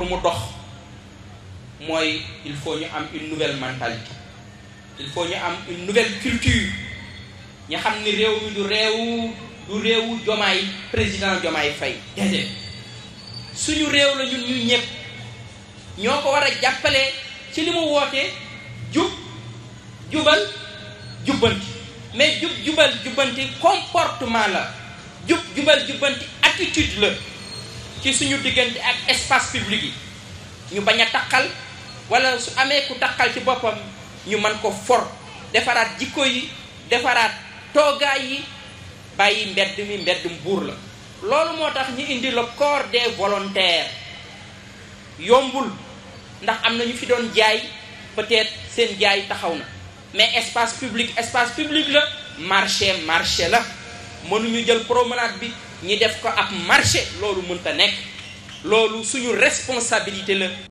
pour mu dox mooy il faut ñu am une nouvelle mentalité il faut ñu am une nouvelle culture ñu xam ni réew mi du réewu du réewu jomaay président jomaay fay déedéet suñu réew la ñu ñëpp ñoo ko war a jàppale ci li mu wootee jub jubal jubbanti mais jub jubal jubbanti comportement la jub jubal jubbanti attitude la ci suñu diggante ak espace public yi ñu bañ a taqal wala su amee ku taqal ci boppam ñu man ko for defaraat jikko yi defaraat toogaay yi bàyyi mbedd mi mbeddum buur la loolu moo tax ñu indi la corps des volontaires yombul ndax am na ñu fi doon jaay peut-être seen jaay taxaw na mais espace public espace public la marché marché la mënuñu jël promenade bi ñi def ko ab marché loolu mënta nekk loolu suñu responsabilité la